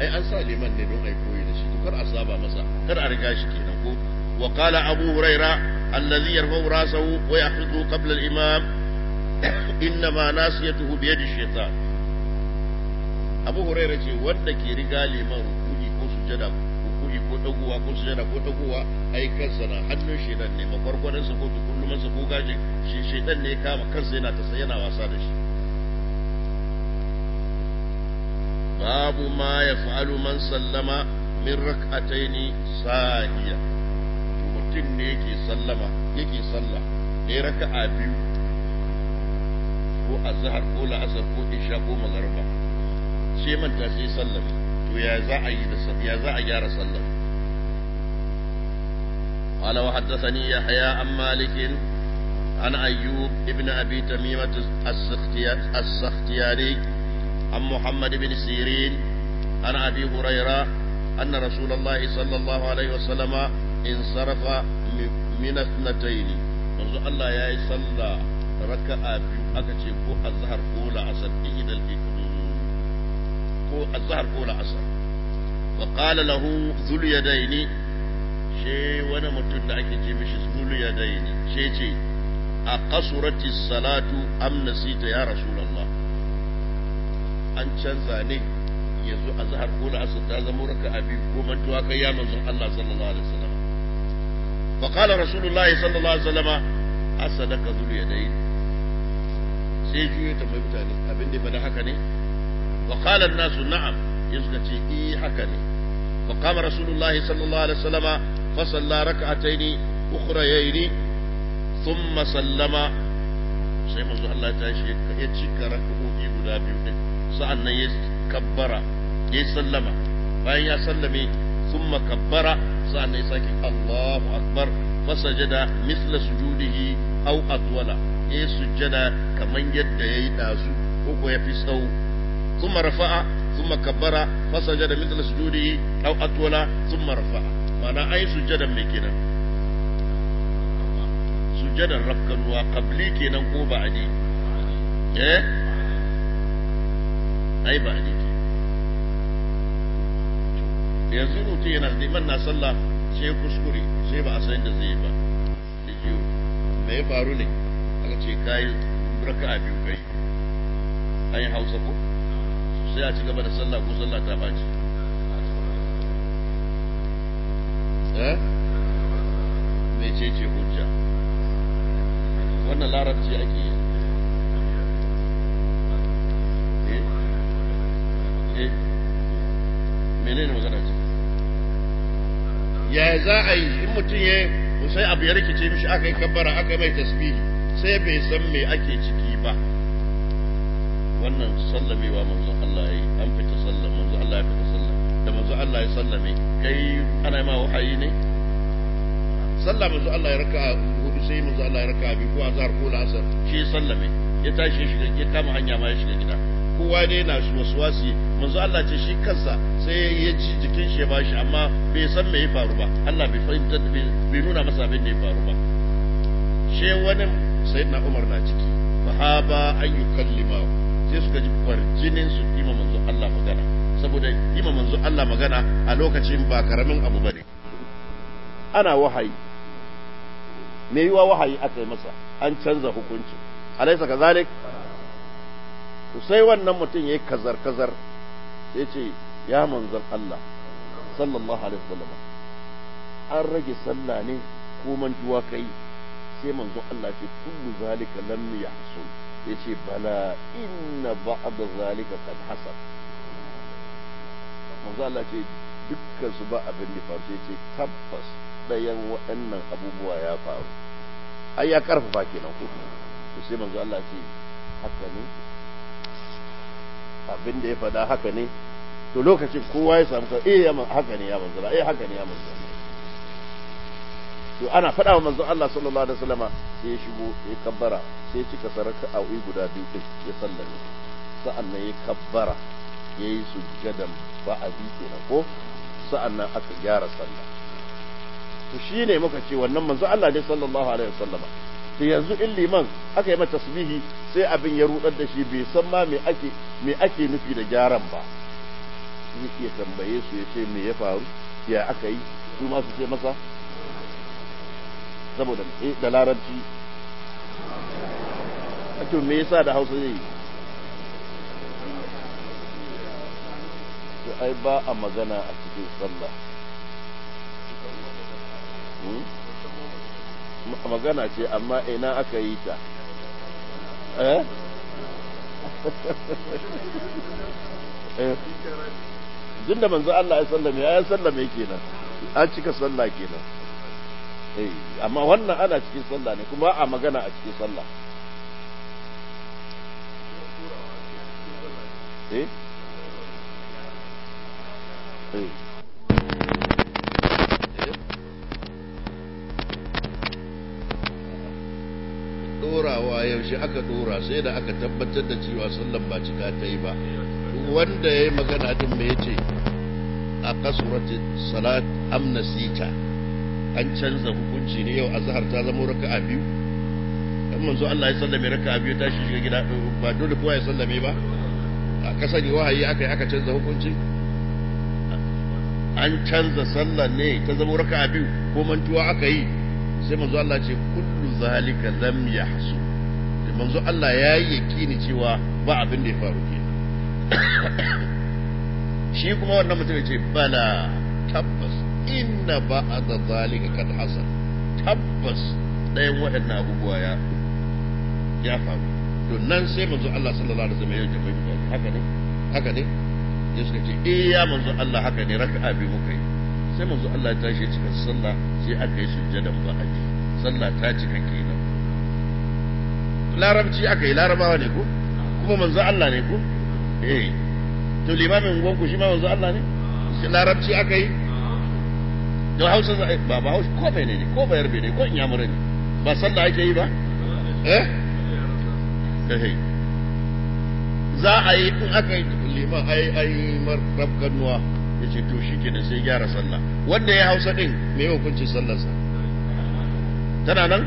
أي أنسى لمن ندعو أي كوي كر أصابة مسا كر أرقاش كينكو وقال أبو هريرة الذي يرفع رأسه ويحفظه قبل الإمام إنما ناسيته بيد الشيطان abu huraira ce wanda ke riga liman rukuni ko sujada rukuni ko dagowa ko sujada ko dagowa ai kansa na hannun shedan ne makwarkwarin sa ko tukulluman sa ko gashin shi shedan ne ya kama kansa yana ta yana wasa da shi babu ma ya fa'alu man sallama min rak'ataini sahiya mutum ne yake sallama yake sallah ne raka'a biyu ko azhar ko la'asar ko isha ko magariba sai manta sai sallar to ya za a yi ya za a gyara sallar قال وحدثني يحيى عن مالك عن أيوب ابن أبي تميمة السختياني عن محمد بن سيرين عن أبي هريرة أن رسول الله صلى الله عليه وسلم انصرف من اثنتين منذ الله يا صلى ركع أكتب الظهر أولى أصدقه إلى الإكرام ko azhar ko la'asar wa qala lahu zul yadaini she wani mutum da ake ce mishi zul yadaini she ce a qasurati salatu am nasita ya rasulullah an canza ne yanzu azhar ko la'asar ta zama raka'a biyu ko mantuwa kai ya manzon Allah sallallahu alaihi wasallam fa qala rasulullah sallallahu alaihi wasallam asadaka zul sai mutane abin da ya haka ne wa qala an-nasu na'am suka ce eh haka ne fa qama rasulullahi sallallahu alaihi sai manzo Allah shi ya cika rak'o'i guda biyu din sa'annan ya kabbara ya sallama bayan ya sallame thumma kabbara sa'annan ya saki Allahu akbar fasajada misla sujudihi aw atwala ya yadda yayi dasu ko ya fi tsawo ثم رفع ثم كبر فسجد مثل سجوده أو أطول ثم رفع معنى أي سجدا مكنا سجدا ركن وقبلي كنا وبعدي إيه أي بعدي yanzu mutum yana liman na sallah sai kuskure sai ba a san da zai ba da jiyo me ya faru ne aka ce kayi raka'a biyu kai an yi hausa ko sai a ci gaba da sallah ko sallah ta baci eh ce hujja wannan larabci ake yi eh eh ne magana ce ya za a yi in mutum ya sai abu ya rikice mishi aka yi kabbara aka yi mai tasbihi sai bai san me ake ciki ba wannan sallamewa manzon Allah yi an fita sallah manzo Allah ya fita sallah da manzo Allah ya sallame kai ana ma wahayi ne sallah manzo Allah ya raka hudu sai manzo Allah ya raka bi ko azhar ko la'asar shi sallame ya tashi shi ya kama hanya ma ya shiga gida kowa ne na yana wasuwasi manzo Allah ce shi kansa sai ya ji jikin shi ya bashi amma bai san me ya faru ba Allah bai fahimta bai nuna masa abin da ya faru ba she wani sayyidina Umar na ciki mahaba an yukallimahu sai suka ji jinin su ima manzo Allah magana saboda ima manzo Allah magana a lokacin ba karamin abu bane ana wahayi me yiwa wahayi aka yi masa an canza hukunci alaisa kazalik to sai wannan mutum yayi kazar kazar sai ce ya manzo Allah sallallahu alaihi wasallam an rage sallah ne ko mantuwa kai sai manzo Allah ce kullu zalika lam yahsul yace bala inna ba'd zalika qad hasab manzo Allah ce dukkan su ba abin da faru ce tabbas dayan waɗannan abubuwa ya faru ai ya karfafa kenan ko to sai manzo Allah ce haka ne abin da ya faɗa haka ne to lokacin kowa ya samu eh, eh haka ne ya manzo eh haka ne ya manzo to ana faɗa wa manzon Allah sallallahu alaihi wasallama sai ya shigo ya kabbara sai ya cika saraka a uyi guda biyu din ya sallame sa'annan ya kabbara ya yi sujjadan ba'azi kenan ko sa'annan aka gyara sallah to shine muka ce wannan manzon Allah ne sallallahu alaihi wasallama to yanzu in liman aka yi mata tasbihi sai abin ya rudar da shi bai san ma me ake me ake nufi da gyaran ba sai ya tambaye su ya ce me ya faru ya aka yi su ma su ce masa saboda eh, da larabci ake me yasa da hausa zai to ai ba a magana a cikin sallah hmm? magana ce amma ina aka yi ta eh duk eh. da manzo Allah ya sallame ya sallame kenan an cika sallah kenan Eh, amma wannan ana cikin sallah ne kuma a magana a cikin sallah eh, eh. yaushe aka ɗora sai da aka tabbatar da cewa sallan ba cika ta yi ba wanda ya yi magana din me ce a kasuratin salat amnasita an canza hukunci ne yau azhar ta zama raka'a biyu dan manzo Allah ya sallame raka'a biyu ta shiga gida ba dole kowa ya sallame ba a kasa ne wahayi aka yi aka canza hukunci an canza sallah ne ta zama raka'a biyu ko mantuwa aka yi sai manzo Allah ce kullu zalika lam yahsu manzo Allah ya yi yakini cewa ba abin da ya faru ke shi kuma wannan mutum ya ce bala tabbas inna ba a zalika kan hasan tabbas ɗayan waɗannan abubuwa ya ya faru to nan sai manzo Allah sallallahu alaihi wasallam ya jabe haka ne haka ne ya suka ce eh ya manzo Allah haka ne raka'a bi muka yi sai manzo Allah ya tashi cikin sallah sai aka yi sujjadan ba'adi sallah ta cika kenan larabci aka yi larabawa ne ko kuma manzo Allah ne ko eh to limamin gwanku shi ma manzo Allah ne larabci aka yi To hausa za ba ba hausa ko bai ne ko bayar bai ne ko in ne ba sallah ake yi ba eh? eh za a yi in aka yi liman a yi marrab ganuwa yace to kenan sai gyara sallah wanda ya hausa din me hukuncin sallarsa tana nan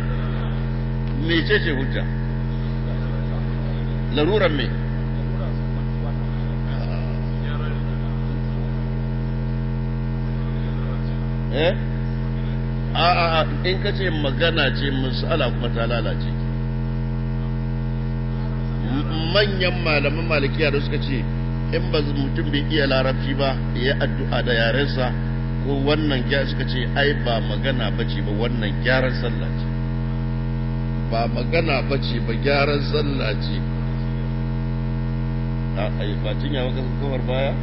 ce ce hujja laruran me eh a a in magana ce musala kuma ta lalace manyan malaman malikiya da suka ce in ba mutum bai iya larabci ba ya addu'a da yarensa ko wannan ya suka ce ai ba magana bace ba wannan gyaran sallah ce ba magana bace ba gyaran sallah ce a ai ba tinya maka kawar baya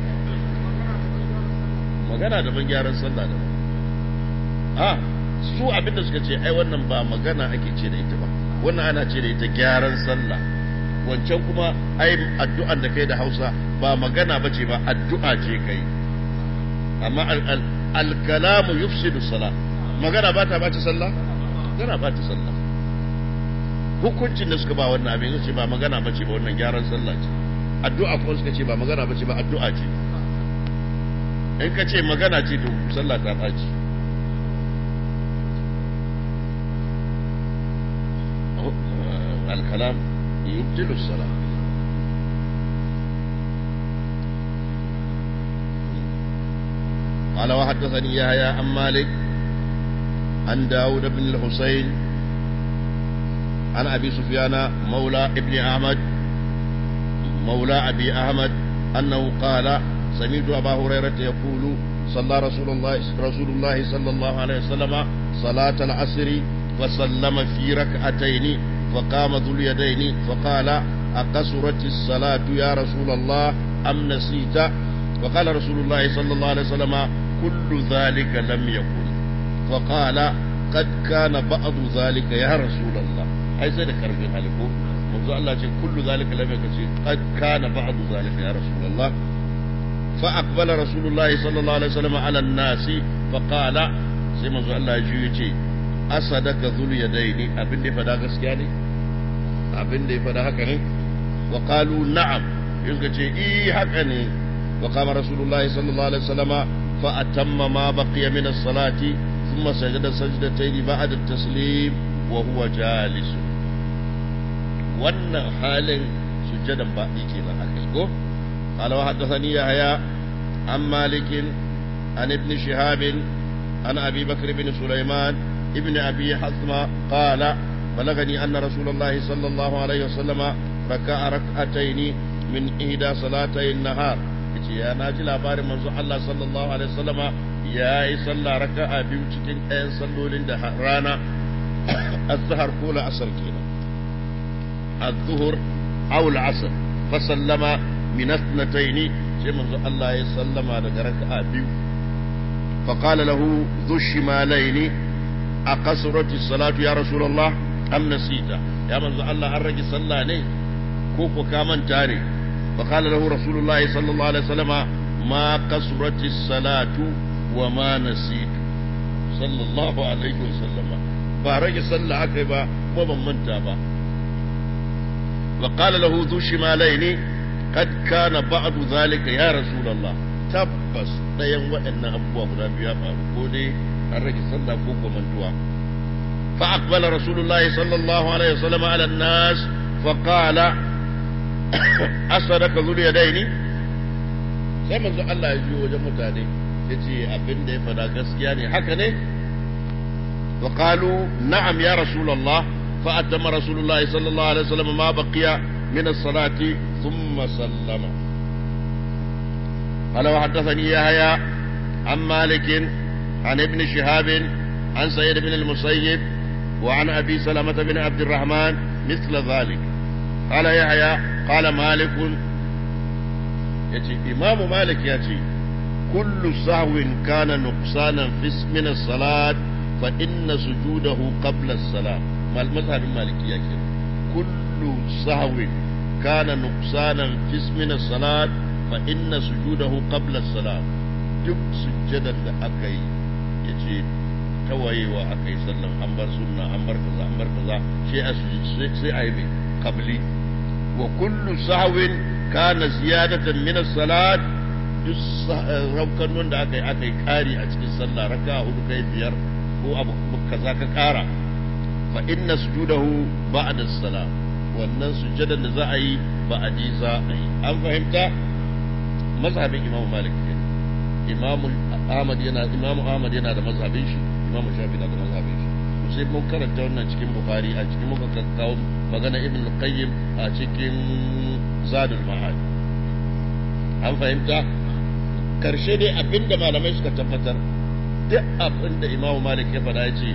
magana da ban gyaran sallah ba a su abinda suka ce ai wannan ba magana ake ce da ita ba wannan ana ce da ita gyaran sallah wancan kuma ai addu'an da kai da Hausa ba magana bace ba addu'a ce kai amma al-kalamu yufsidu salah magana ba ta ta sallah magana ta sallah hukuncin da suka ba wannan abin ce ba magana bace ba wannan gyaran sallah ce addu'a kuma suka ce ba magana bace ba addu'a ce in ka ce magana ce to sallah ta ɓaci الكلام يبطل الصلاة قال وحدثني يا عن مالك عن داود بن الحسين عن أبي سفيان مولى ابن أحمد مولى أبي أحمد أنه قال سمعت أبا هريرة يقول صلى رسول الله رسول الله صلى الله عليه وسلم صلاة العصر وسلم في ركعتين فقام ذو اليدين فقال أقصرت الصلاة يا رسول الله أم نسيت فقال رسول الله صلى الله عليه وسلم كل ذلك لم يكن فقال قد كان بعض ذلك يا رسول الله أي سيدة كرفي حالكو موضوع الله كل ذلك لم يكن قد كان بعض ذلك يا رسول الله فأقبل رسول الله صلى الله عليه وسلم على الناس فقال سيما الله جيوتي asadaka zul yadaini abin da ya fada gaskiya ne abin da ya fada haka ne wa qalu na'am in ka ce eh haka ne wa qama rasulullahi sallallahu alaihi wasallama fa atamma ma baqiya min as-salati thumma sajada sajdatayn ba'da at-taslim wa huwa jalis wannan halin sujjadan ba yake nan haka ko قال وحدثني يحيى عن مالك عن ابن شهاب عن ابي بكر بن سليمان ابن أبي حزم قال بلغني أن رسول الله صلى الله عليه وسلم ركع ركعتين من إحدى صلاتي النهار يا ناجي لابار منزو الله صلى الله عليه وسلم يا صلى ركعة بيو تكين أين صلوا لنده رانا الظهر قول أصل كينا الظهر أو العصر فسلم من اثنتين sai manzo Allah الله sallama daga raka'a بيو فقال له ذو shimalaini a kasurati salatu ya rasulullah am nasita ya manzo Allah an rage sallah ne ko ku ka manta ne fa qala lahu rasulullah sallallahu alaihi wasallama ma kasurati salatu wa ma nasitu sallallahu alaihi wasallama ba rage sallah akai ba ko ban manta ba wa qala lahu dhu shimalaini qad kana ba'du zalika ya rasulullah tabbas dayan waɗannan abubuwa guda biyu ya faru ko dai an rage sallah ko mantuwa fa aqbala rasulullahi sallallahu alaihi wasallam ala nas fa qala asadaka zul yadaini sai manzo Allah ya ji wajen mutane yace abin da ya fada gaskiya ne haka ne wa qalu na'am ya rasulullah fa atama rasulullahi sallallahu alaihi wasallam ma baqiya min as-salati thumma sallama قال وحدثني يحيى عن مالك عن ابن شهاب عن سعيد بن المسيب وعن أبي سلمة بن عبد الرحمن مثل ذلك قال يحيى قال مالك يأتي إمام مالك يأتي كل سهو كان نقصانا في من الصلاة فإن سجوده قبل الصلاة ما المذهب المالكي يكي كل سهو كان نقصانا في من الصلاة فإن سجوده قبل الصلاة جب سجدا لأكيد ya ce tawayewa aka yi sallan an bar sunna an bar kaza an bar kaza sai a yi mai kabli wa kullu sahwin kana ziyadatan min salat duk raukan wanda aka yi aka yi kari a cikin sallah raka hudu kai biyar ko abu kaza ka kara fa inna sujudahu ba'da as-salam wannan sujudan da za a yi ba'adi za a yi an fahimta mazhabin imamu malik imamul Ahmad yana Imam Ahmad yana da mazhabin shi Imam Shafi na da mazhabin shi sai mun karanta wannan cikin Bukhari a cikin muka kawo magana Ibn Qayyim a cikin Zadul Ma'ad an fahimta karshe dai abinda malamai suka tabbatar duk abinda Imam Malik ya faɗa yace ce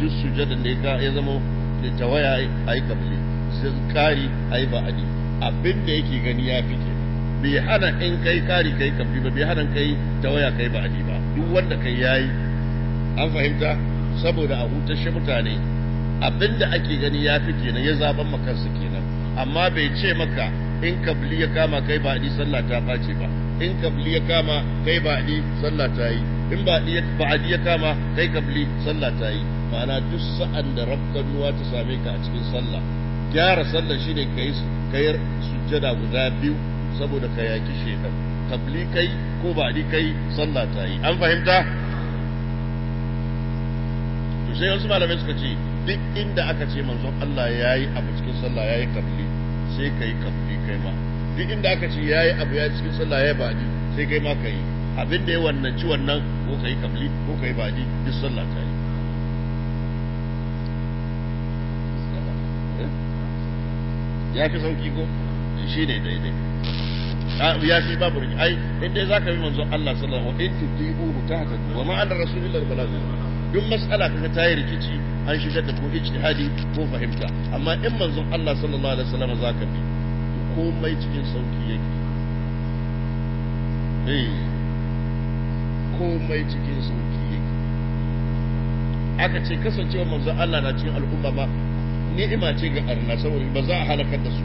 duk sujadin da ya zama da tawaya ai kabli sun kari ba ba'adi abinda yake gani ya fike bai hana in kai kari kai kafi ba bai hana kai tawaya kai ba ba'adi ba duk wanda kai yayi an fahimta saboda a shi mutane abinda ake gani ya fi kenan ya zaben kansa kenan amma bai ce maka in kabli ya kama kai ba ni sallah ta face ba in kabli ya kama kai ba ni sallah ta yi in ba ni ba adi ya kama kai kabli sallah ta yi ma'ana duk sa'an da rabkanuwa ta same ka a cikin sallah gyara sallah shine kai kai sujjada guda biyu saboda ka yaki shedan kabli kai ko ba di kai sallah ta yi an fahimta to sai wasu malamai suka ce duk inda aka ce manzon Allah ya yi abu cikin sallah ya yi kabli sai ka yi kabli kai ma duk inda aka ce ya yi abu ya cikin sallah ya yi ba sai kai ma ka yi abin da ya wannan ci wannan ko ka yi kabli ko ka yi ba duk sallah ta yi eh? ya fi sauki ko shi ne daidai Ah, ya fi babu rikici ai in dai zaka bi manzon Allah sallallahu alaihi wasallam in tudihu tahta wa ma ala rasulillahi sallallahu alaihi wasallam duk mas'ala kaga ta yi rikici an shigar da ko ijtihadi ko fahimta amma in manzon Allah sallallahu alaihi wasallam zaka bi komai cikin sauki yake eh komai cikin sauki yake aka ce kasancewa manzon Allah na cikin al'umma ba ni'ima ce ga arna saboda ba za a halakar da su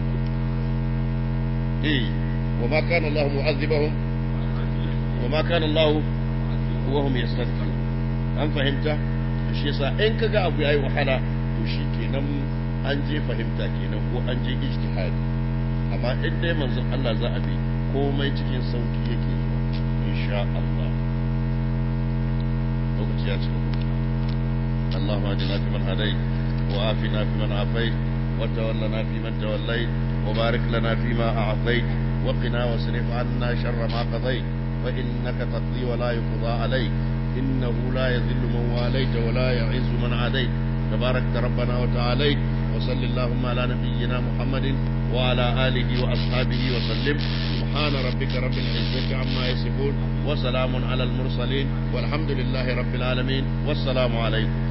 eh وما كان الله معذبهم وما كان الله وهم يستغفرون an fahimta shi yasa in kaga abu yayi wahala to shi kenan an je fahimta kenan ko an je ijtihadi amma in dai manzon Allah za a bi komai cikin sauki yake zuwa insha Allah lokaci ya cika اللهم عافيت وتولنا فيمن توليت وبارك لنا فيما اعطيت وقنا واصرف عنا شر ما قضيت فإنك تقضي ولا يقضى عليك إنه لا يذل من واليت ولا يعز من عاديت تباركت ربنا وتعاليت وصل اللهم على نبينا محمد وعلى آله وأصحابه وسلم سبحان ربك رب العزة عما يصفون وسلام على المرسلين والحمد لله رب العالمين والسلام عليكم